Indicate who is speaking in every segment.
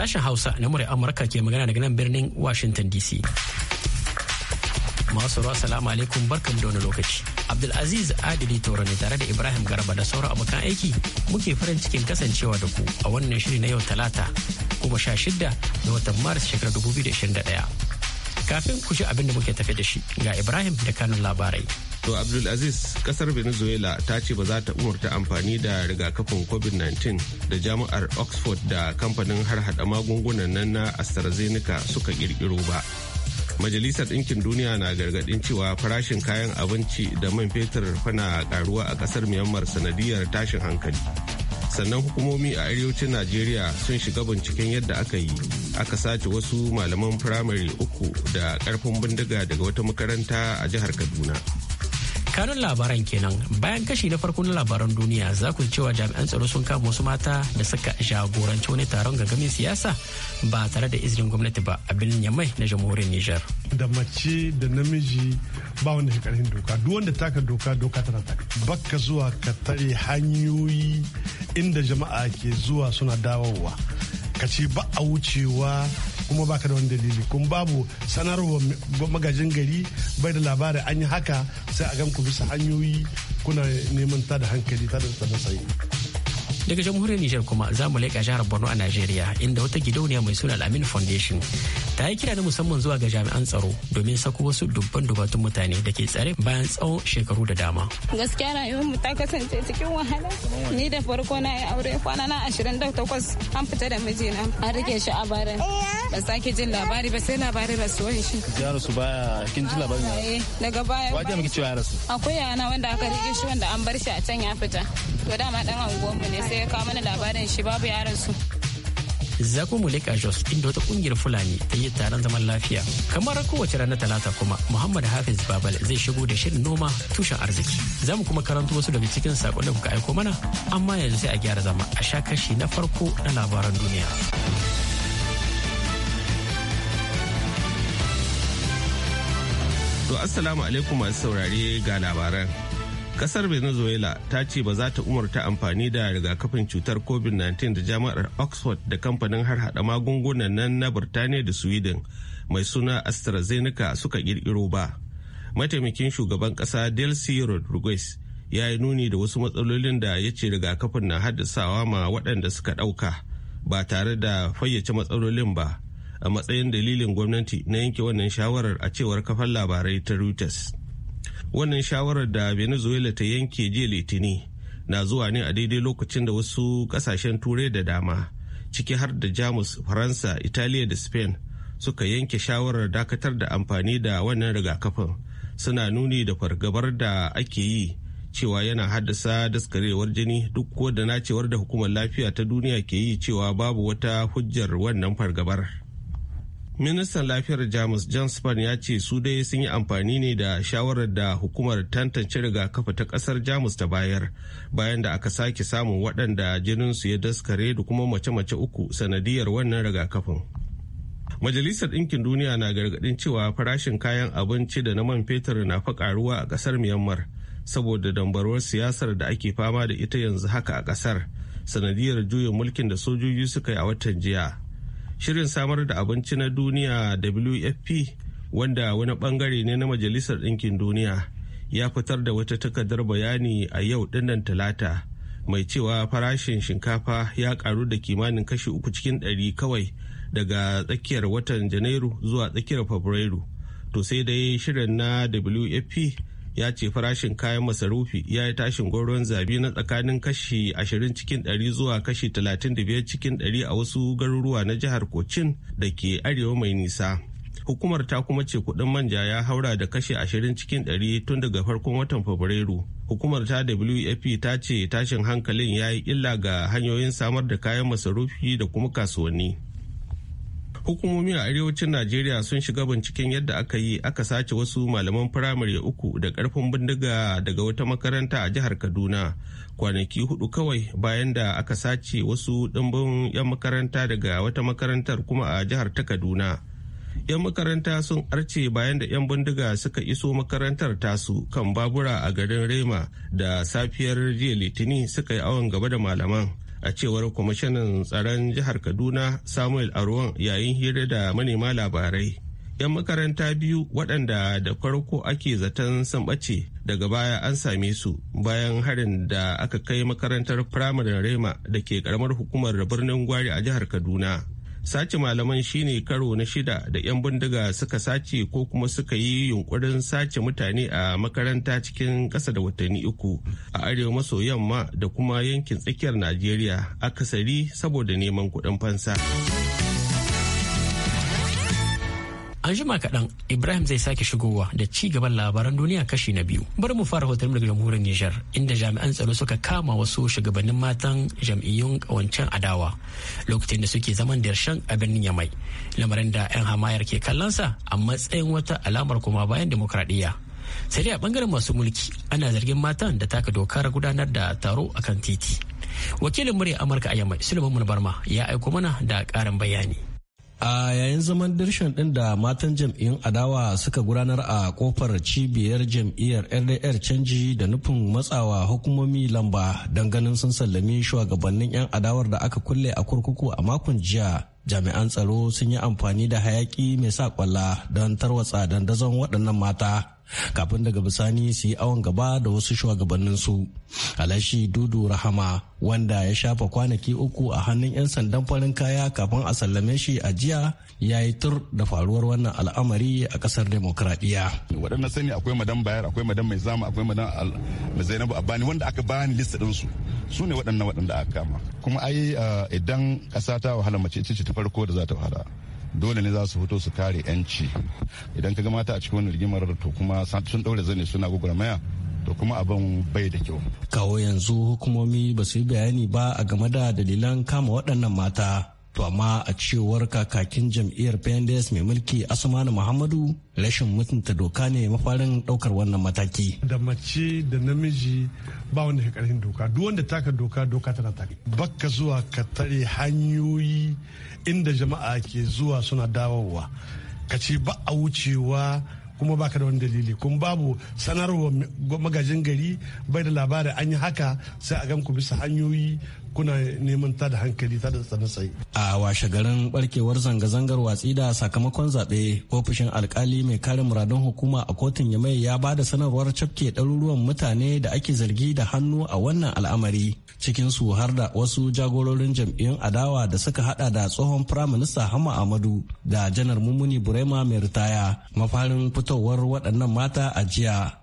Speaker 1: Sashen Hausa na murya Amurka ke magana daga nan birnin Washington DC. Masu ruwa salamu alaikum barkam da wani lokaci. Abdulaziz Adili Toro ne tare da Ibrahim Garba da sauran abokan aiki muke farin cikin kasancewa da ku a wannan shiri na yau talata kuma sha shidda da watan Maris shekarar 2021. Kafin ku ji abin da muke tafi da shi ga Ibrahim da kanun labarai.
Speaker 2: To Abdulaziz kasar Venezuela ta ce ba za ta umarta amfani da rigakafin COVID-19 da jami'ar Oxford da kamfanin harhaɗa magungunan nan na AstraZeneca suka kirkiro ba. Majalisar Ɗinkin Duniya na gargaɗin cewa farashin kayan abinci da man fetur fana karuwa a ƙasar Myanmar sanadiyar tashin hankali. Sannan hukumomi a arewacin Najeriya sun shiga binciken yadda aka yi aka sace wasu malaman firamare uku da ƙarfin bindiga daga wata makaranta a jihar Kaduna.
Speaker 1: kanun labaran kenan bayan kashi na farko na labaran duniya za ku cewa jami'an tsaro sun kama wasu mata da suka jagoranci wani taron gangamin siyasa ba tare da izinin gwamnati ba a birnin yamai na jamhuriyar Niger.
Speaker 3: da mace da namiji ba wanda shi karfin doka duk wanda taka doka doka tana taka bakka zuwa ka tare hanyoyi inda jama'a ke zuwa suna dawowa ka ce ba a wucewa kuma baka da wani dalili kuma babu sanarwar magajin gari bai da labarin an yi haka sai a gan ku bisa hanyoyi kuna neman ta da hankali ta da tsaye.
Speaker 1: daga jamhuriyar Nijar kuma za mu leƙa jihar Borno a Najeriya inda wata gidauniya mai suna Lamin Foundation ta yi kira na musamman zuwa ga jami'an tsaro domin sako wasu dubban dubatun mutane da ke tsare bayan tsawon shekaru da dama.
Speaker 4: Gaskiya rayuwar mu ta kasance cikin wahala. Ni da farko na yi aure kwana na ashirin da takwas an fita da mijina an rike shi a bara. Ba sake jin labari ba sai labari ba su wani
Speaker 5: shi. Ya su baya kin ji labarin ya
Speaker 4: eh, Daga baya. Wajen miki cewa ya rasu. Akwai yana wanda aka rike shi wanda an bar shi a can ya fita. To dama dan anguwan mu ne sai ya kawo mana labarin shi babu yaran su
Speaker 1: zako mu leka jos inda wata kungiyar fulani ta yi taron zaman lafiya kamar kowace rana talata kuma muhammad hafiz babal zai shigo da shirin noma tushen arziki za mu kuma karanto wasu daga cikin sakon da kuka aiko mana amma yanzu sai a gyara zama a sha kashi na farko na labaran duniya
Speaker 2: to assalamu alaikum masu saurare ga labaran kasar venezuela ta ce ba za ta umarta amfani da rigakafin cutar covid-19 da jami'ar oxford da kamfanin har hada magungunan nan na birtaniya da sweden mai suna astrazeneca suka kirkiro ba mataimakin shugaban kasa delcy rodriguez ya yi nuni da wasu matsalolin da ya ce rigakafin na haddasawa ma waɗanda suka ɗauka ba tare da fayyace matsalolin ba a matsayin dalilin gwamnati na yanke wannan shawarar a cewar kafan labarai ta reuters wannan shawarar da venezuela ta yanke jiya litini na zuwa ne a daidai lokacin da wasu kasashen turai da dama ciki har da jamus faransa italiya da spain suka yanke shawarar dakatar da amfani da wannan rigakafin suna nuni da fargabar da ake yi cewa yana haddasa daskarewar jini duk ko da nacewar da hukumar lafiya ta duniya ke yi cewa babu wata hujjar wannan fargabar. ministan lafiyar jamus john span ya ce su dai sun yi amfani ne da shawarar da hukumar tantance rigakafi ta kasar jamus ta bayar bayan da aka sake samun waɗanda jininsu ya daskare da kuma mace-mace uku sanadiyar wannan rigakafin majalisar ɗinkin duniya na gargaɗin cewa farashin kayan abinci da na man fetur na faƙaruwa a ƙasar myanmar saboda dambarwar siyasar da ake fama da ita yanzu haka a ƙasar sanadiyar juyin mulkin da sojoji suka yi a watan jiya shirin samar da abinci na duniya wfp wanda wani bangare ne na majalisar ɗinkin duniya ya fitar da wata takardar bayani a yau dinnan talata mai cewa farashin shinkafa ya karu da kimanin kashi uku cikin ɗari kawai daga tsakiyar watan janairu zuwa tsakiyar fabrairu to sai dai shirin na wfp ya ce farashin kayan masarufi ya yi tashin gwaron zabi na tsakanin kashi 20 cikin 100 zuwa kashi 35 cikin 100 a wasu garuruwa na jihar Kocin da ke arewa mai nisa. Hukumar ta kuma ce kudin manja ya haura da kashi 20 cikin 100 tun daga farkon watan Fabrairu. Hukumar ta WFP ta ce tashin hankalin ya yi illa ga hanyoyin samar da kayan masarufi da kuma kasuwanni. hukumomi a arewacin najeriya sun shiga binciken yadda aka yi aka sace wasu malaman firamare uku da karfin bindiga daga wata makaranta a jihar kaduna kwanaki hudu kawai bayan da aka sace wasu dimbin 'yan makaranta daga wata makarantar kuma a jihar ta kaduna 'yan makaranta sun arce bayan da 'yan bindiga suka iso makarantar tasu kan babura a garin rema da safiyar jiya litinin suka yi awon gaba da malaman a cewar kwamishinan tsaron jihar kaduna samuel arwan yayin hira da manema labarai yan makaranta biyu waɗanda da farko ake zaton san ɓace daga baya an same su bayan harin da aka kai makarantar firamare rema da ke karamar hukumar birnin gwari a jihar kaduna sace malaman shine karo na shida da 'yan bindiga suka sace ko kuma suka yi yunkurin sace mutane a makaranta cikin kasa da watanni uku a arewa maso yamma da kuma yankin tsakiyar najeriya akasari saboda
Speaker 1: neman kuɗin fansa. An jima kaɗan Ibrahim zai sake shigowa da ci gaban labaran duniya kashi na biyu. Bari mu fara hoton daga jamhuriyar Nijar inda jami'an tsaro suka kama wasu shugabannin matan jam'iyyun kawancen adawa lokacin da suke zaman da darshen a birnin Yamai. Lamarin da 'yan hamayar ke kallonsa a matsayin wata alamar kuma bayan demokradiyya. sai dai a bangaren masu mulki ana zargin matan da taka dokar gudanar da taro akan titi wakilin murya amurka a yamma suleiman barma ya aiko mana da karin bayani a yayin zaman dirshan ɗin da matan jam'iyyun
Speaker 3: adawa suka gudanar a kofar cibiyar jam'iyyar ldr canji da nufin matsawa hukumomi lamba don ganin sun sallami shugabannin 'yan adawar da aka kulle a kurkuku a makon jiya jami'an tsaro sun yi amfani da hayaki mai sa kwalla don tarwatsa dandazon waɗannan mata kafin daga bisani su yi awon gaba da wasu shugabanninsu alashi dudu rahama wanda ya shafa kwanaki uku a hannun 'yan sandan farin kaya kafin a sallame shi a jiya ya yi tur da faruwar wannan al'amari a kasar demokradiyya
Speaker 5: waɗanda sani akwai madan bayar akwai madan mai zama akwai madan mai zainabu bani wanda aka bani list ɗinsu su ne waɗannan waɗanda aka kama kuma ai eh, idan ƙasa ta wahala mace ce ta farko da za ta wahala dole ne za su fito su kare 'yanci idan ka ga mata a cikin wani rigimar to kuma sun ɗaure zane suna maya to kuma abin bai
Speaker 3: da kyau. Kawo yanzu hukumomi ba su yi bayani ba a game da dalilan kama waɗannan mata. To amma a cewar kakakin jam'iyyar PNDS mai mulki Asmanu Muhammadu rashin mutunta doka ne mafarin ɗaukar wannan mataki. Da mace da namiji ba wanda ke karfin doka duk wanda taka doka doka tana taka. Bakka zuwa ka tare hanyoyi inda jama'a ke zuwa suna dawowa. Ka ce ba a wucewa kuma baka da wani dalili kuma babu sanarwa magajin gari bai da labari an yi haka sai a gan ku bisa hanyoyi kuna neman ta da hankali ta da tsanasai. A washe garin barkewar zanga-zangar watsi da sakamakon zaɓe ofishin alkali mai kare muradun hukuma a kotun yamai ya ba da sanarwar cafke ɗaruruwan mutane da ake zargi da hannu a wannan al'amari cikinsu har da wasu jagororin jam'iyyun adawa da suka hada da tsohon firaminista Hama Amadu da janar Mummuni Burema mai ritaya mafarin fitowar waɗannan mata a jiya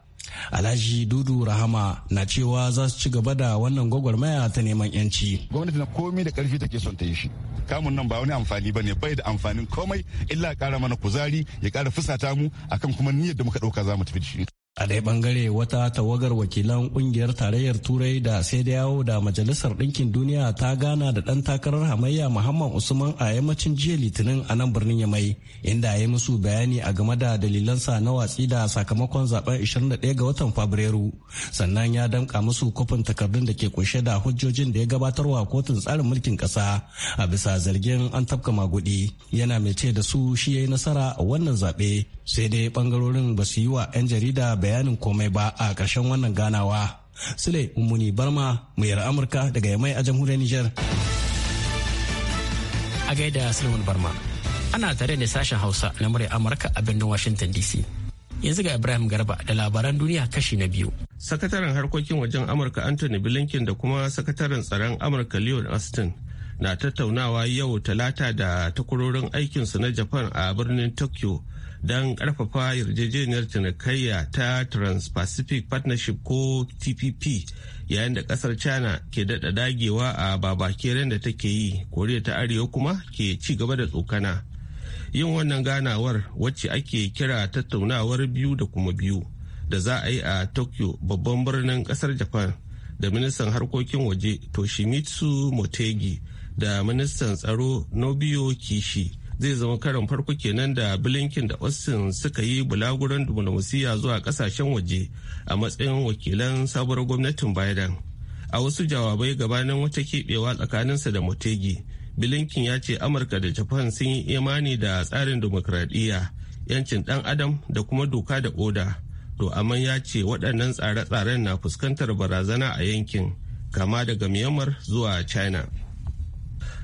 Speaker 3: Alhaji Dudu Rahama na cewa za su ci gaba da wannan gwagwarmaya ta neman yanci. Gwamnati na komi da karfi take son ta yi shi. Kamun nan ba wani amfani bane bai da amfanin komai illa kara mana kuzari ya ƙara fusata
Speaker 5: mu akan kuma niyyar da muka dauka za mu tafi da shi.
Speaker 3: A dai bangare wata tawagar wakilan ƙungiyar tarayyar Turai da sai da yawo da Majalisar Ɗinkin Duniya ta gana da ɗan takarar hamayya Muhammad Usman a yammacin jiya Litinin a nan birnin Yamai, inda ya musu bayani a game da dalilansa na watsi da sakamakon zaben 21 ga watan Fabrairu. Sannan ya damƙa musu kofin takardun da ke kunshe da hujjojin da ya gabatarwa kotun tsarin mulkin ƙasa a bisa zargin an tafka magudi. Yana mai ce da su shi ya yi nasara a wannan zaɓe sai dai bangarorin ba su yi wa 'yan jarida bayanin komai ba a ƙarshen wannan ganawa sule ummuni
Speaker 1: barma muyar
Speaker 3: amurka daga yamai a jamhuriyar niger
Speaker 1: a gaida sulaiman barma ana tare da sashen hausa na murya amurka a birnin washington dc yanzu ga ibrahim garba da labaran duniya kashi na biyu sakataren harkokin
Speaker 2: wajen amurka anthony blinken da kuma sakataren tsaron amurka leon austin na tattaunawa yau talata da takwarorin aikinsu na japan a birnin tokyo don karfafa yarjejeniyar cinikayya ta trans-pacific partnership ko tpp yayin da kasar china ke dada dagewa a babakeren da take yi koriya ta arewa kuma ke ci gaba da tsokana yin wannan ganawar wacce ake kira tattaunawar biyu da kuma biyu da za a yi a tokyo babban birnin kasar japan da ministan harkokin waje toshimitsu motegi da ministan tsaro nobio kishi zai zama karin farko kenan da blinken da austin suka yi bulaguran diflomasiyya zuwa kasashen waje a matsayin wakilan sabuwar gwamnatin biden a wasu jawabai gabanin wata keɓewa tsakaninsa da motegi blinken ya ce amurka da japan sun yi imani da tsarin demokradiyya yancin dan adam da kuma doka da oda to amma ya ce waɗannan tsare-tsaren na fuskantar barazana a yankin kama daga myanmar zuwa china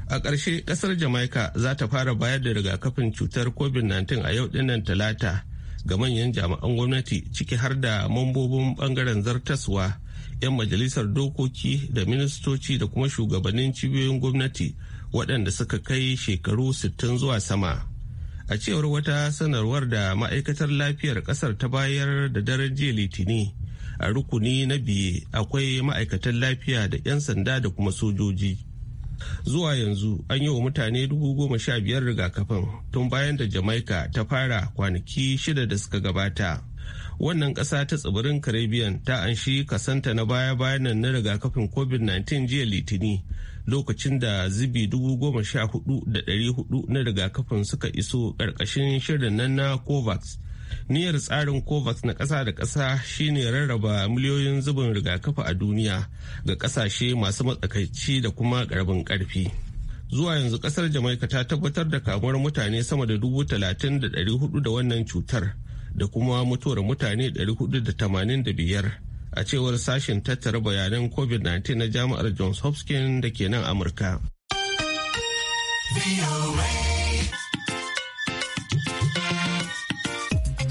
Speaker 2: a ƙarshe ƙasar jamaika za ta fara bayar da rigakafin cutar covid-19 a yau dinnan talata ga manyan jami'an gwamnati ciki har da mambobin bangaren zartaswa 'yan majalisar dokoki da ministoci da kuma shugabannin cibiyoyin gwamnati waɗanda suka kai shekaru 60 zuwa sama a cewar wata sanarwar da ma'aikatar lafiyar ƙasar ta bayar da daren jiya litini a rukuni na biye akwai ma'aikatan lafiya da 'yan sanda da kuma sojoji. zuwa yanzu an yi wa mutane dubu goma sha biyar rigakafin tun bayan da jamaika ta fara kwanaki shida da suka gabata wannan ƙasa ta tsibirin caribbean ta anshi kasanta na baya-bayan na rigakafin covid-19 jiya litini lokacin da zibi dubu goma sha hudu da ɗari hudu na rigakafin suka iso ƙarƙashin shirin nan na covax niyyar tsarin covax na ƙasa da ƙasa shine rarraba miliyoyin zubin rigakafi a duniya ga ƙasashe masu matsakaici da kuma ƙaramin karfi zuwa yanzu ƙasar jamaika ta tabbatar da kamuwar mutane sama da dubu talatin da ɗari hudu da wannan cutar da kuma mutuwar mutane ɗari hudu da tamanin da biyar a cewar sashen tattara bayanan covid-19 na jami'ar johns hopkins da ke nan amurka.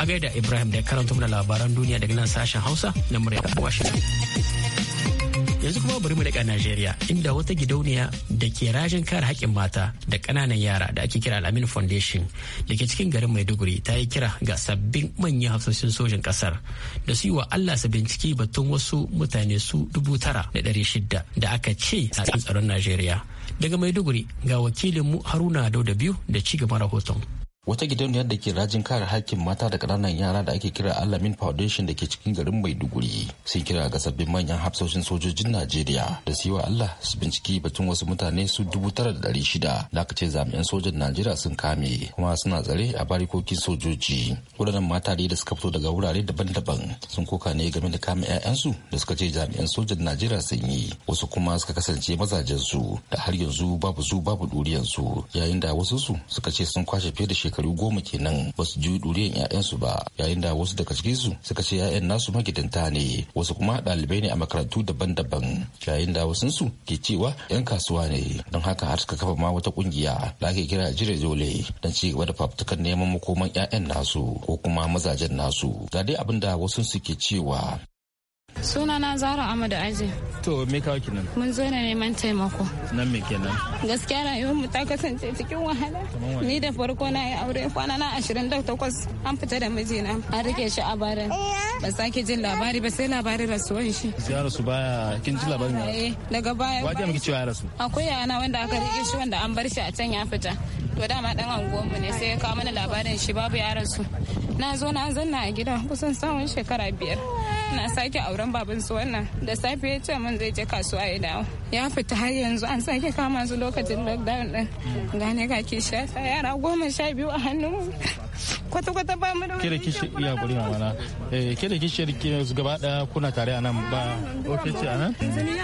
Speaker 1: a gaida Ibrahim da karanta mana labaran duniya daga nan sashen Hausa na murya Washington. Yanzu kuma bari mu daga Najeriya inda wata gidauniya da ke rajin kare haƙƙin mata da ƙananan yara da ake kira Al'amin Foundation da ke cikin garin Maiduguri ta yi kira ga sabbin manyan hafsoshin sojin ƙasar da su yi wa Allah su binciki batun wasu mutane su dubu tara da ɗari shidda da aka ce a tsaron Najeriya. Daga Maiduguri ga wakilinmu Haruna Dauda biyu da ci gaban rahoton.
Speaker 5: wata gidauniyar da ke rajin kare hakkin mata da ƙananan yara da ake kira alamin foundation da ke cikin garin maiduguri sun kira ga sabbin manyan hafsoshin sojojin najeriya da su yi wa allah su binciki batun wasu mutane su dubu tara da ɗari shida da aka ce zamiyan sojan najeriya sun kame kuma suna tsare a barikokin sojoji wadannan mata da suka fito daga wurare daban-daban sun koka ne game da kame 'ya'yansu da suka ce jami'an sojan najeriya sun yi wasu kuma suka kasance mazajensu da har yanzu babu su babu ɗuriyansu yayin da wasu su suka ce sun kwashe fiye da shekaru goma kenan ba su ji ɗuriyan 'ya'yansu ba yayin da wasu daga cikinsu suka ce 'ya'yan nasu magidanta ne wasu kuma ɗalibai ne a makarantu daban-daban yayin da wasunsu ke cewa 'yan kasuwa ne don haka har suka kafa ma wata ƙungiya da ake kira jire dole don ci gaba da fafutukan neman makoman 'ya'yan nasu ko kuma mazajen nasu ga dai abin da wasunsu ke cewa
Speaker 4: Sunana Zara Amadu Aji.
Speaker 5: To me kawo nan?
Speaker 4: Mun zo ne neman taimako. Nan me kenan? Gaskiya rayuwar mu ta kasance cikin wahala. Ni da farko na yi aure kwana na 28 an fita da mijina an rike shi a barin. Ba sake jin labari ba sai labarin rasuwan shi.
Speaker 6: Sai ya rasu
Speaker 5: baya kin ji labarin ya? Eh,
Speaker 4: daga baya. Wajen miki cewa ya rasu. Akwai yana wanda aka rike shi wanda an bar shi a can ya fita. to dama dan mu ne sai ya kawo mana labarin shi babu rasu. na zo na zanna a gida kusan samun shekara biyar na sake auren baban su wannan da safe ya ce min zai je kasuwa ya dawo ya fita har yanzu an sake kama su lokacin lockdown din gane ga ke sha yara goma sha biyu a hannu kwata-kwata ba mu da wani
Speaker 5: kishi iya guri mana eh ke da kishiyar ki su gaba daya kuna tare nan ba oke a nan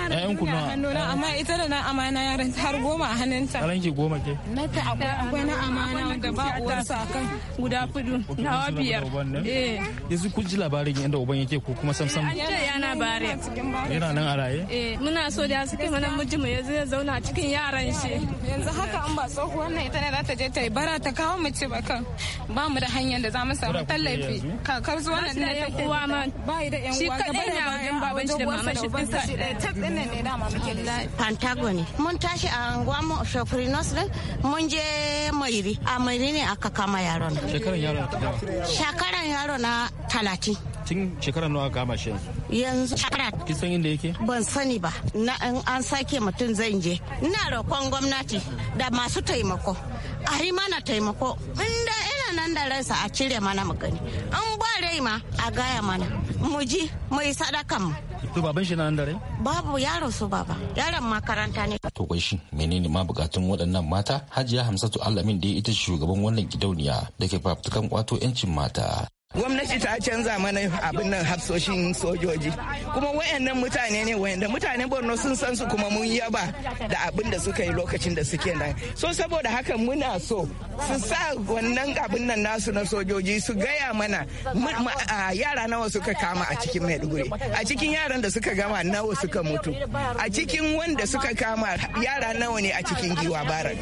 Speaker 5: ƴaƴan ku nawa
Speaker 4: amma ita da na amana yaran har goma a hannunta ran ki goma ke na ta akwai na amana da ba uwarsa kan guda fudu na biyar eh.
Speaker 5: yanzu kun ji labarin yadda uban yake ko kuma sam sam
Speaker 4: yana bare yana nan a raye eh muna so da su kai mana mijin mu yanzu ya zauna cikin yaran shi yanzu haka an ba tsohuwar wannan ita ne za ta je ta yi bara ta kawo mu ce kan. ba mu da hanyar da za mu samu tallafi kakar zuwa nan ne ta uwa ma ba da yan uwa shi kadai wajen baban shi da mama shi duka ta tsinne ne mama ke da
Speaker 7: pantagoni mun tashi a anguwa mu shofrinos din mun je mairi a mairi ne aka kama yaron shekaran yaron shekaran yaron na
Speaker 5: talatin tun shekarar nawa kama shi yanzu
Speaker 7: yanzu shekara inda yake ban sani ba na an sake mutum zan je ina roƙon gwamnati da masu taimako a yi mana taimako inda ina nan da ransa a cire mana mu gani an ba rai ma a gaya mana mu ji mu yi sadakan mu
Speaker 5: to baban shi nan da rai
Speaker 7: babu yaron su baba yaron makaranta ne to
Speaker 5: kai shi menene ma bukatun waɗannan mata hajiya hamsatu alamin da ita shugaban wannan gidauniya da ke fafutukan kwato yancin mata
Speaker 8: gwamnati ta canza mana abin nan hafsoshin sojoji kuma wayannan mutane ne wayanda mutane borno sun san su kuma mun yaba da abin da suka yi lokacin da suke nan so saboda haka muna so su sa wannan abin nan nasu na sojoji su gaya mana yara nawa suka kama a cikin maiduguri a cikin yaran da suka gama nawa suka mutu a cikin wanda suka kama yara nawa ne a cikin giwa bara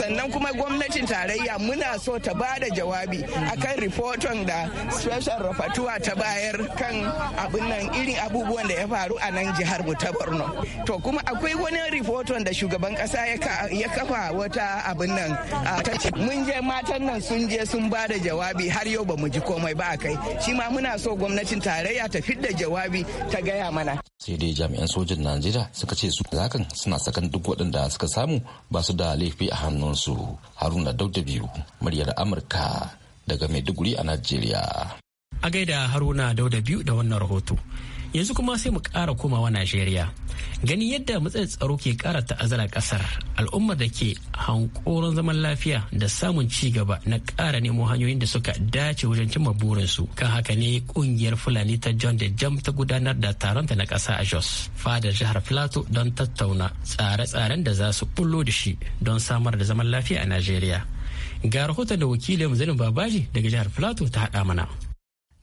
Speaker 8: sannan kuma gwamnatin tarayya muna so ta ba da jawabi akan rifoton da special rapatuwa ta bayar kan abin nan irin abubuwan da ya faru a nan jihar mu ta borno to kuma akwai wani rifoton da shugaban kasa ya kafa wata abin nan ta ce mun je matan nan sun je sun ba da jawabi har yau ba mu ji komai ba kai shi ma muna so gwamnatin tarayya ta fidda jawabi ta gaya mana sai dai jami'an
Speaker 5: sojin najeriya suka ce su Zakan suna sakan duk waɗanda suka samu ba su da laifi a hannunsu haruna dauda biyu muryar amurka daga Maiduguri a Najeriya.
Speaker 1: A gaida Haruna Dauda biyu da wannan rahoto. Yanzu kuma sai mu ƙara komawa Najeriya. Gani yadda matsayin tsaro ke ƙara ta'azzara ƙasar, al'ummar da ke hankoron zaman lafiya da samun ci gaba na ƙara nemo hanyoyin da suka dace wajen cimma burinsu. Kan haka ne ƙungiyar Fulani ta John da Jam ta gudanar da taronta na ƙasa a Jos, fadar jihar Filato don tattauna tsare-tsaren da za su bullo da shi don samar da zaman lafiya a Najeriya. Ga rahoton da wakilin Zainab Babaji daga jihar Filato ta hada mana.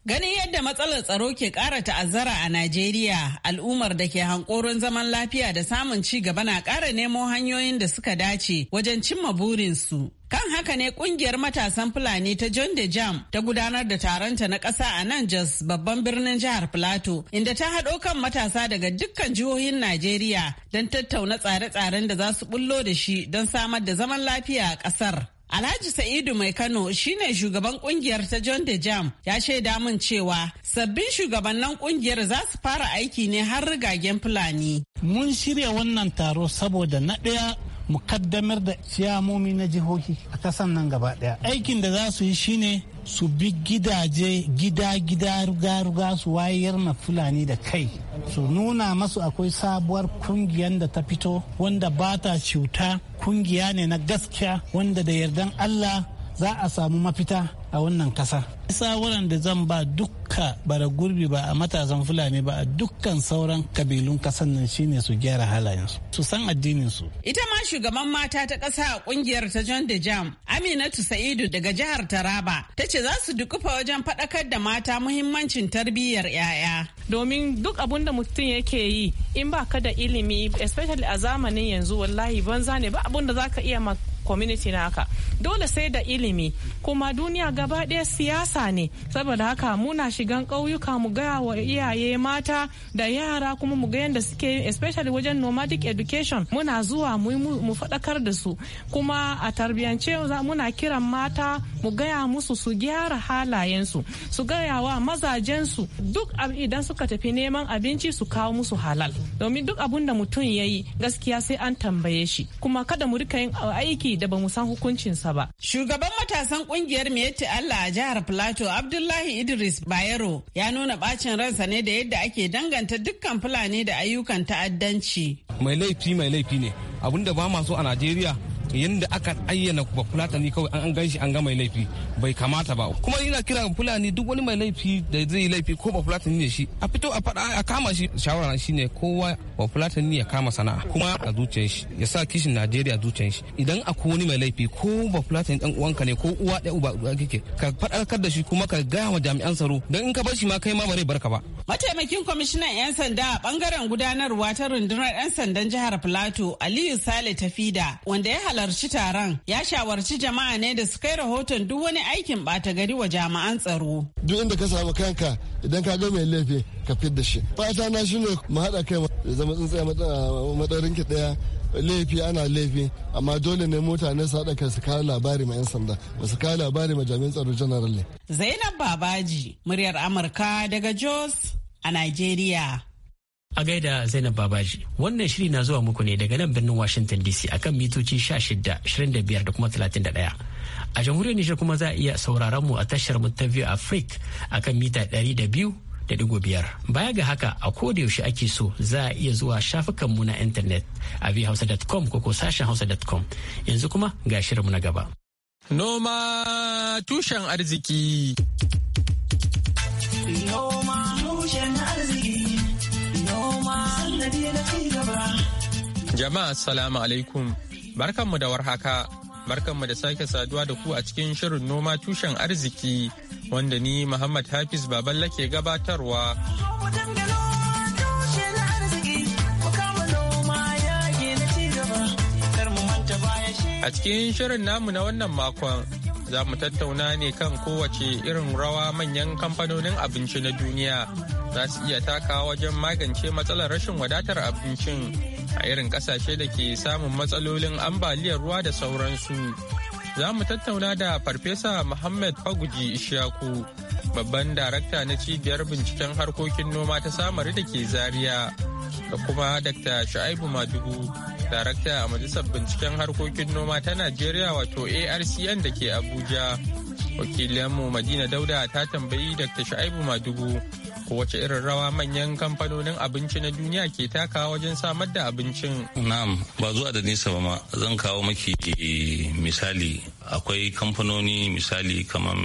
Speaker 7: Ganin yadda matsalar tsaro ke ƙara ta'azzara a Najeriya, al'ummar da ke hankoron zaman lafiya da samun ci gaba na ƙara nemo hanyoyin da suka dace wajen cimma burinsu. Kan haka ne kungiyar matasan Fulani ta John de Jam ta gudanar da taronta na ƙasa a nan Jos babban birnin jihar Filato, inda ta haɗo kan matasa daga dukkan jihohin Najeriya don tattauna tsare-tsaren da za su bullo da shi don samar da zaman lafiya a ƙasar. Alhaji Sa'idu Mai Kano shine shugaban kungiyar ta John De Jam ya shaida min cewa sabbin shugabannin kungiyar za su fara aiki ne har rigagen
Speaker 3: Fulani. Mun shirya wannan taro saboda na ɗaya mu kaddamar da ciyamomi na jihohi a kasan nan gaba ɗaya. Aikin da za su yi shine su bi gidaje gida-gida ruga-ruga su wayar na fulani da kai su nuna masu akwai sabuwar kungiyar da ta fito wanda ba ta cuta kungiya ne na gaskiya wanda da yardan allah za a samu mafita a wannan kasa shawaran da zan ba dukka bara gurbi ba a matasan fulani ba a dukkan sauran kabilun kasan nan shine su gyara halayensu su san addinin su
Speaker 7: ita ma shugaban mata ta kasa a kungiyar ta John de Jam Aminatu Sa'idu daga jihar Taraba ta ce za su dukufa wajen faɗakar da mata muhimmancin tarbiyyar 'ya'ya domin duk abun da mutum yake yi in ba ka da ilimi especially a zamanin yanzu wallahi banza ne ba abun da ka iya community naka dole sai da ilimi kuma duniya gaba ɗaya siyasa ne saboda haka muna shigan ƙauyuka mu gaya wa iyaye mata da yara kuma mu ga yadda suke especially wajen nomadic education muna zuwa mu faɗakar da su kuma a tarbiyance muna kiran mata mu gaya musu su gyara halayensu su gaya wa mazajensu duk idan suka tafi neman abinci su kawo musu halal domin duk abin da mutum ya yi gaskiya sai an tambaye shi kuma kada mu rika yin aiki da ba mu san hukuncinsa ba. Shugaban matasan kungiyar Miyetti Allah a jihar Plateau Abdullahi Idris Bayero ya nuna bacin ransa ne da yadda ake danganta dukkan Fulani da ayyukan ta'addanci.
Speaker 5: Mai laifi mai laifi ne abinda ba masu a Najeriya yadda aka ayyana ba fulatani kawai an gan shi an ga mai laifi bai kamata ba kuma ina
Speaker 7: kira fulani duk wani
Speaker 5: mai laifi da zai laifi ko ba fulatani ne shi a fito a faɗa a kama shi shawara shi ne kowa ba fulatani ya kama sana'a kuma a zuciyar shi ya sa kishin najeriya zuciyar shi idan akwai wani mai laifi ko ba fulatani dan uwanka ne ko uwa ɗaya uba uba kike ka faɗarkar da shi kuma ka gaya wa jami'an tsaro dan in ka bar shi ma kai ma ba barka ba
Speaker 7: mataimakin kwamishinan 'yan sanda a bangaren gudanarwa ta rundunar 'yan sandan jihar plateau aliyu sale tafida wanda ya halarci halarci taron ya shawarci jama'a ne da su kai rahoton duk wani aikin bata gari wa jami'an tsaro. Duk
Speaker 3: inda ka samu kanka idan ka ga mai laifi ka da shi. Fata na ne mu haɗa kai zama tsintsiya matsarin ki ɗaya laifi ana laifi amma dole ne mutane su haɗa kai su kawo labari ma 'yan sanda ba su kawo labari ma jami'an tsaro general
Speaker 7: Zainab Babaji muryar Amurka daga Jos a Nigeria.
Speaker 1: A gaida Zainab Babaji, wannan shiri na zuwa muku ne daga nan birnin Washington DC akan mitoci 16, shirin da kuma 31. A jamhuriyar Nijar kuma za a iya sauraron mu a tashar mu ta View Africa akan mita ɗari da biyar. Baya ga haka a koda yaushe ake so za a iya zuwa shafukan mu na intanet a vhausa.com ko sashen hausa.com. Yanzu kuma ga shirinmu na gaba.
Speaker 9: Noma tushen arziki.
Speaker 3: Noma tushen arziki.
Speaker 9: Jama'a Salamu alaikum. Barkanmu da warhaka. Barkanmu da sake saduwa da ku a cikin shirin noma tushen arziki wanda ni Muhammad Hafiz Baballa ke gabatarwa. A cikin shirin namu na wannan makon za mu tattauna ne kan kowace irin rawa manyan kamfanonin abinci na duniya za su iya takawa wajen magance matsalar rashin wadatar abincin a irin kasashe da ke samun matsalolin ambaliyar ruwa da sauransu. Za mu tattauna da Farfesa Muhammad Faguji Ishaku, babban darakta na cibiyar binciken harkokin noma ta samari da ke Zaria, da kuma Dr. shaibu Madugu. darakta a majalisar binciken harkokin noma ta najeriya wato arcn da ke abuja wakilinmu madina dauda ta tambayi dr sha'ibu madugu wace irin rawa manyan kamfanonin abinci na duniya ke takawa wajen samar da abincin
Speaker 6: na'am ba zuwa da nisa ba ma zan kawo maki misali akwai kamfanoni misali kamar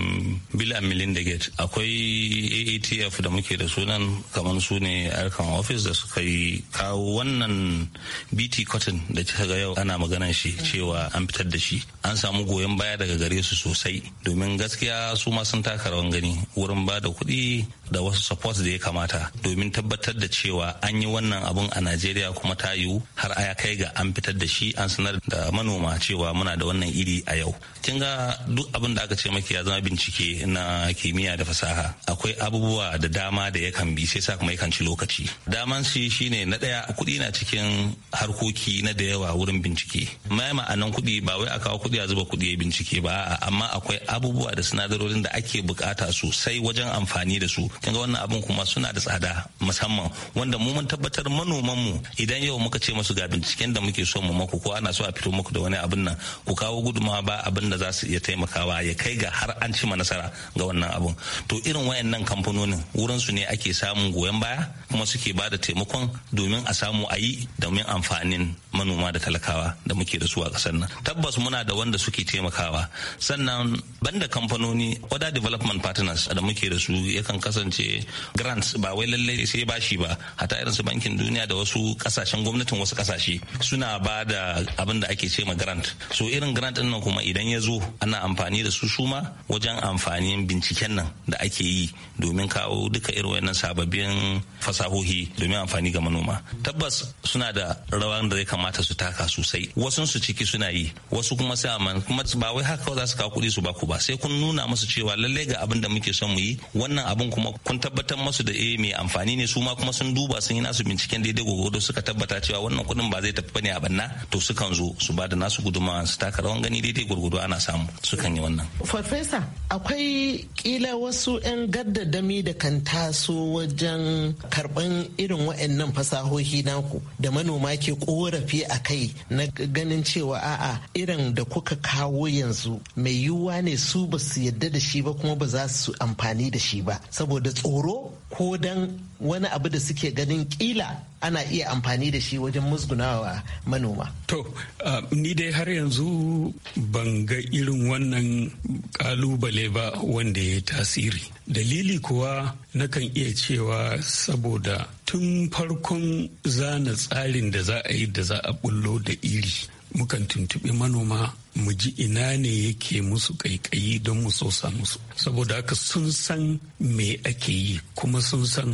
Speaker 6: bill and melinda gate akwai aatf da muke da sunan kamar su ne arkan office da suka yi kawo wannan bt cotton da kika ga yau ana maganan shi cewa an fitar da shi an samu goyon baya daga gare su sosai domin gaskiya su ma sun taka rawan gani wurin ba da kuɗi da wasu support da ya kamata domin tabbatar da cewa an yi wannan abun a najeriya kuma ta yiwu har aya kai ga an fitar da shi an sanar da manoma cewa muna da wannan iri a yau kin ga duk abin da aka ce maki ya zama bincike na kimiyya da fasaha akwai abubuwa da dama da ya kan bi sai sa kuma yakan ci lokaci daman shi shine na daya kuɗi na cikin harkoki na da yawa wurin bincike mai ma'anan kuɗi ba wai a kawo kuɗi a zuba kuɗi ya bincike ba amma akwai abubuwa da sinadarorin da ake bukata sosai wajen amfani da su kin ga wannan abin kuma suna da tsada musamman wanda mu mun tabbatar manoman mu idan yau muka ce musu ga binciken da muke so mu maku ko ana so a fito muku da wani abin nan ku kawo guduma ba a abin da za su iya taimakawa ya kai ga har an cima nasara ga wannan abun to irin wayannan kamfanonin wurin su ne ake samun goyon baya kuma suke ba da taimakon domin a samu a yi domin amfanin manoma da talakawa da muke da su a ƙasar nan tabbas muna da wanda suke taimakawa sannan banda kamfanoni wada development partners da muke da su yakan kasance grants ba wai lallai sai bashi ba hata irin su bankin duniya da wasu kasashen gwamnatin wasu kasashe suna ba da abin da ake ce ma grant so irin grant din kuma idan ya zo ana amfani da su suma wajen amfanin binciken nan da ake yi domin kawo duka irin wannan sababbin fasahohi domin amfani ga manoma tabbas suna da rawan da zai kamata su taka sosai wasu su ciki suna yi wasu kuma sai amma kuma ba wai haka za su kawo kuɗi su baku ba sai kun nuna musu cewa lallai ga abin da muke son mu yi wannan abin kuma kun tabbatar musu da eh mai amfani ne suma kuma sun duba sun yi nasu binciken daidai gogodo suka tabbata cewa wannan kuɗin ba zai tafi bane a banna to sukan zo su ba da nasu gudunmawa su taka rawan gani daidai gurgudu yanzu ana samu sukan yi wannan
Speaker 7: farfesa akwai kila wasu 'yan gaddadami da kan taso wajen karban irin wa'annan fasahohi naku da manoma ke korafi a kai na ganin cewa a'a irin da kuka kawo yanzu mai yiwuwa ne su ba su yadda da shi ba kuma ba za su amfani da shi ba saboda tsoro ko dan wani abu da suke ganin kila ana iya amfani da shi wajen musgunawa manoma.
Speaker 10: To, uh, ni dai har yanzu ban ga irin wannan kalubale ba wanda ya tasiri. Dalili kuwa nakan iya cewa saboda tun farkon zana tsarin da za a yi da za a bullo da iri. Mukan tuntuɓi manoma mu ji ina ne yake musu kaikayi don mu sosa musu saboda haka sun san me ake yi kuma sun san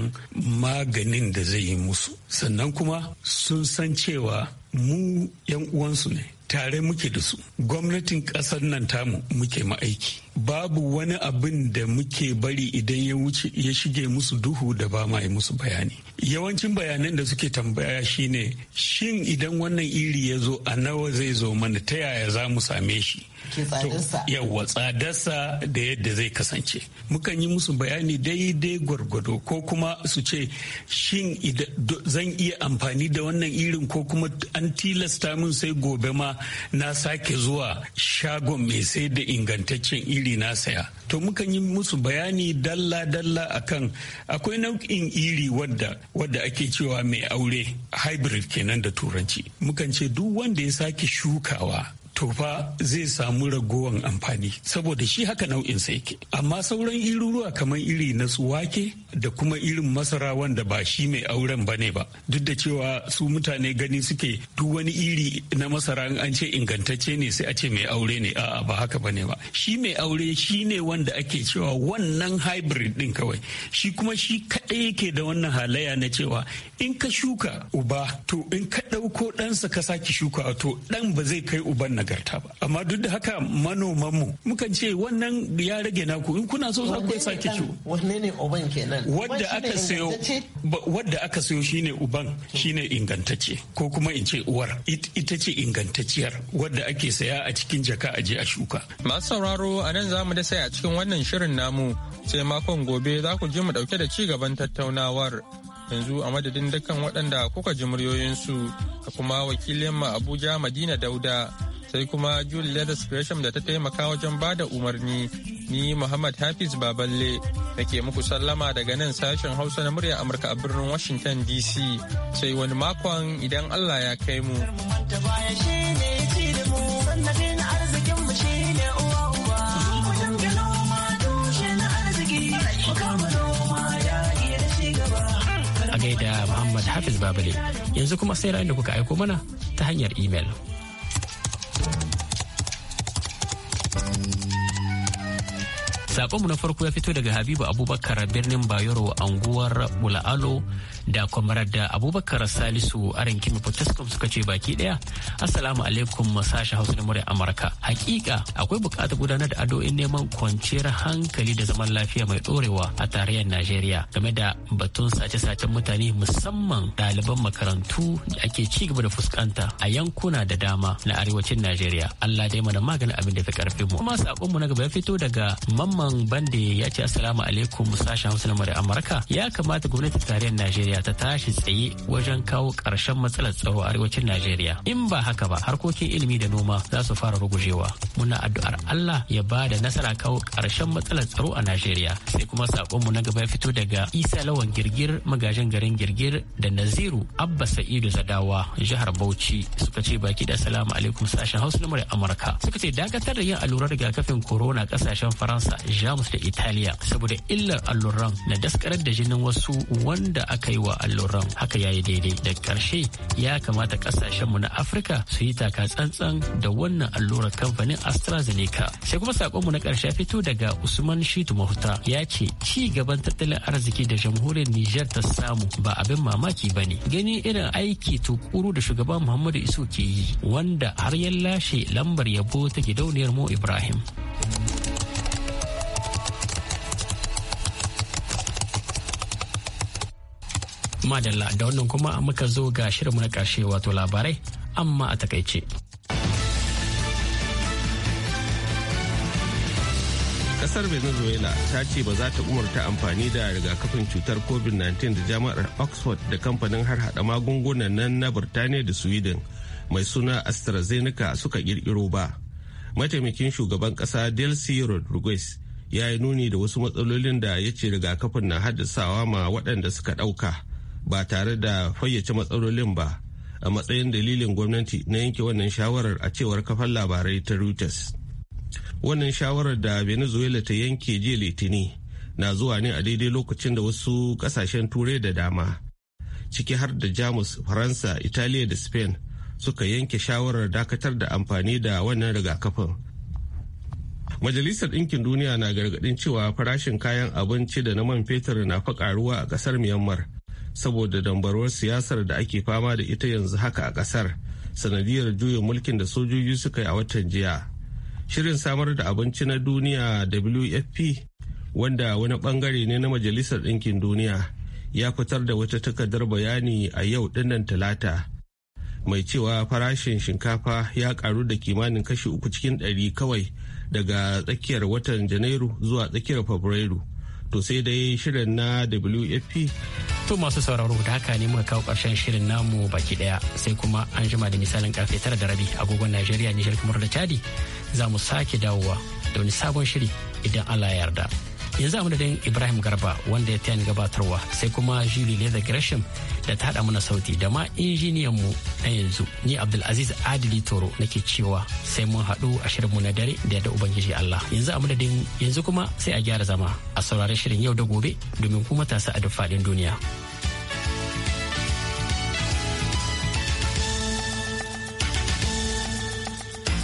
Speaker 10: maganin da zai yi musu sannan kuma sun san cewa mu 'yan uwansu ne tare muke da su gwamnatin ƙasar nan tamu muke ma'aiki babu wani abin da muke bari idan ya ya shige musu duhu da ba ma yi musu bayani yawancin bayanan da suke tambaya shine shin idan wannan iri ya zo a nawa zai zo mana ta yaya za mu same shi yawa tsadarsa da yadda zai kasance mukan yi musu bayani daidai gwargwado ko kuma su ce shin zan iya amfani da wannan irin ko kuma an tilasta min sai gobe ma na sake zuwa shagon mai sai da ingantaccen iri iri na saya to muka yi musu bayani dalla dalla akan akwai nau'in iri wadda wadda ake cewa mai aure hybrid kenan da turanci mukan ce duk wanda ya sake shukawa to fa zai samu ragowan amfani saboda shi haka nau'in sa yake amma sauran iruruwa kamar iri na su wake da kuma irin masara wanda ba shi mai auren ba ne ba duk da cewa su mutane gani suke duk wani iri na masara an ce ingantacce ne sai a ce mai aure ne a'a ba haka ba ne ba shi mai aure shi ne wanda ake cewa wannan hybrid din kawai shi kuma shi kaɗai yake da wannan halayya na cewa in ka shuka uba to in ka ɗauko ɗansa ka sake shuka to ɗan ba zai kai uban na nagarta ba amma duk da haka manoman mu mukan ce wannan ya rage naku in kuna so za ku sake kiwo wanne ne
Speaker 7: uban kenan wadda aka sayo
Speaker 10: wadda aka sayo shine uban ingantacce
Speaker 9: ko kuma in ce uwar ita ce ingantacciyar wadda ake saya a cikin jaka a je a shuka masu sauraro a nan za mu da saya a cikin wannan shirin namu sai makon gobe za ku je mu dauke da ci gaban tattaunawar yanzu a madadin dukkan waɗanda kuka ji muryoyinsu a kuma wakilin mu abuja madina dauda sai kuma Julie leather Gresham da ta taimaka wajen ba da umarni. Ni Muhammad Hafiz Baballe nake muku sallama daga nan sashen Hausa na murya Amurka a birnin Washington DC sai wani makon idan Allah ya kai mu.
Speaker 7: A gaida Muhammad Hafiz Babale yanzu kuma
Speaker 1: sai ra'ayin da kuka aiko mana ta hanyar imel. Sakonmu na farko ya fito daga Habibu Abubakar birnin Bayero unguwar Bula'alo da kwamarar da Abubakar Salisu arin kimi Potescom suka ce baki daya. Assalamu alaikum sashe Hausa na murya Amurka. Hakika akwai bukatar gudanar da ado'in neman kwanciyar hankali da zaman lafiya mai ɗorewa a tarayyar Najeriya game da batun sace-sacen mutane musamman ɗaliban makarantu da ake ci gaba da fuskanta a yankuna da dama na arewacin Najeriya. Allah dai mana maganin abin da fi karfin mu. Kuma sakonmu na gaba ya fito daga Mamman. Usman Bande ya ce Assalamu alaikum sashen Hausa na Amurka ya kamata gwamnati tarayyar Najeriya ta tashi tsaye wajen kawo karshen matsalar tsaro a arewacin Najeriya. In ba haka ba harkokin ilimi da noma za su fara rugujewa. Muna addu'ar Allah ya ba da nasara kawo karshen matsalar tsaro a Najeriya. Sai kuma saƙonmu na gaba ya fito daga Isa Lawan Girgir magajin garin Girgir da Naziru Abba Sa'idu zadawa jihar Bauchi suka ce baki da Assalamu alaikum sashen Hausa na Amurka. Suka ce dakatar da yin allurar rigakafin corona kasashen Faransa jamus da italiya saboda illar alluran na daskarar da jinin wasu wanda aka yi wa alluran haka yayi daidai da karshe ya kamata kasashenmu na afirka su yi taka tsantsan da wannan allurar kamfanin astrazeneca sai kuma sakonmu na karshe fito daga usman shitu mahuta ya ce ci gaban tattalin arziki da jamhuriyar niger ta samu ba abin mamaki ba ne gani irin aiki tukuru da shugaban muhammadu isu ke yi wanda har ya lashe lambar yabo ta gidauniyar mu ibrahim madalla da wannan kuma muka zo ga shirinmu na ƙarshe wato labarai amma a takaice
Speaker 2: kasar venezuela ta ce ba za ta umarta amfani da rigakafin cutar covid-19 da jami'ar oxford da kamfanin har hada magungunan nan na birtaniya da sweden mai suna astrazeneca suka kirkiro ba mataimakin shugaban kasa delcy rodriguez ya yi nuni da wasu matsalolin da ya ce rigakafin na haddasawa ma waɗanda suka ɗauka ba tare da fayyace matsalolin ba a matsayin dalilin gwamnati na yanke wannan shawarar a cewar kafar labarai ta Reuters. Wannan shawarar da Venezuela ta yanke jiya litini na zuwa ne a daidai lokacin da wasu kasashen turai da dama ciki har da Jamus, Faransa, Italiya da Spain suka yanke shawarar dakatar da amfani da wannan rigakafin. Majalisar Ɗinkin Duniya na gargaɗin cewa farashin kayan abinci da na man fetur na faƙaruwa a ƙasar Myanmar saboda dambarwar siyasar da ake fama da ita yanzu haka a kasar sanadiyar juyin mulkin da sojoji suka yi a watan jiya shirin samar da abinci na duniya wfp wanda wani bangare ne na majalisar ɗinkin duniya ya fitar da wata takardar bayani a yau dinnan talata mai cewa farashin shinkafa ya karu da kimanin kashi uku cikin ɗari kawai daga tsakiyar watan janairu zuwa tsakiyar fabrairu to sai dai
Speaker 1: shirin na wfp To masu sauraro da haka ne muka kawo ƙarshen shirin namu baki ɗaya sai kuma an jima da misalin karfe tara da rabi agogon Najeriya Nijar kamar da Chadi za mu sake dawowa da wani sabon shiri idan Allah ya yarda. yanzu a madadin ibrahim garba wanda ya taya ni gabatarwa sai kuma julie leather gresham da ta haɗa mana sauti da ma injiniyan mu na yanzu ni abdulaziz adili toro nake cewa sai mun haɗu a mu na dare da yadda ubangiji allah yanzu a madadin yanzu kuma sai a gyara zama a saurari shirin yau da gobe domin kuma tasa a duk faɗin duniya.